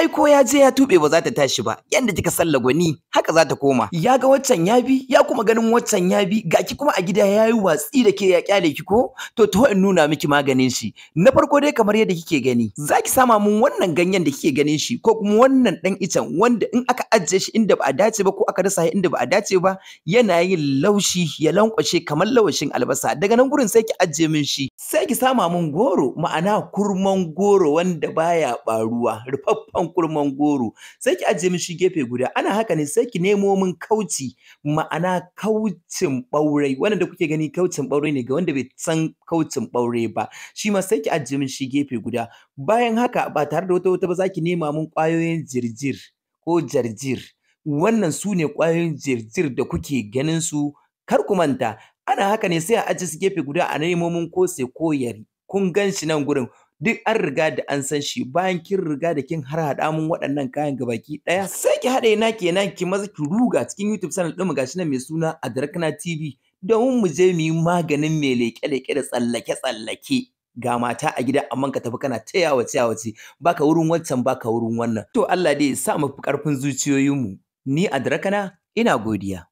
ai ko ya je ya tube ba za ta tashi ba yanda kika san lagwani haka za ta koma ya ga waccan ya bi ya kuma ganin waccan ya bi ga ki kuma a gida ya yi watsi da ke ya kyale ki ko to to in nuna miki maganin shi na farko dai kamar yadda kike gani za ki sama mun wannan ganyen da kike ganin shi ko kuma wannan dan icen wanda in aka ajiye shi inda ba a dace ba ko aka rasa inda ba a dace ba yana yin laushi ya lankwashe kamar lawashin albasa daga nan gurin sai ki ajiye min shi sai ki sama mun goro ma'ana kurman goro wanda baya baruwa rufaffen kurman goro sai ki ajiye min shi gefe guda ana haka ne sai ki nemo min kauci ma'ana kaucin ɓaurai wannan da kuke gani kaucin ɓaurai ne ga wanda bai san kaucin ɓaurai ba shi ma sai ki ajiye min shi gefe guda bayan haka ba tare da wata wata ba za ki nema min ƙwayoyin jirjir ko jarjir wannan su ne ƙwayoyin jirjir da kuke ganin su kar ku manta ana haka ne sai a ajiye su gefe guda a nemo min kose ko yari kun gan shi nan gurin duk an riga da an san shi bayan kin riga da kin har haɗa mun waɗannan kayan gabaki ɗaya sai ki haɗa na kenan ki maza ki ruga cikin YouTube channel ɗin mu gashi nan mai suna Adrakna TV domin mu je mu yi maganin mai leke-leke da tsallake-tsallake. ga mata a gida amma ka tafi kana ta yawace yawace baka wurin wancan baka wurin wannan to Allah dai ya sa mu karfin zuciyoyinmu ni adrakna ina godiya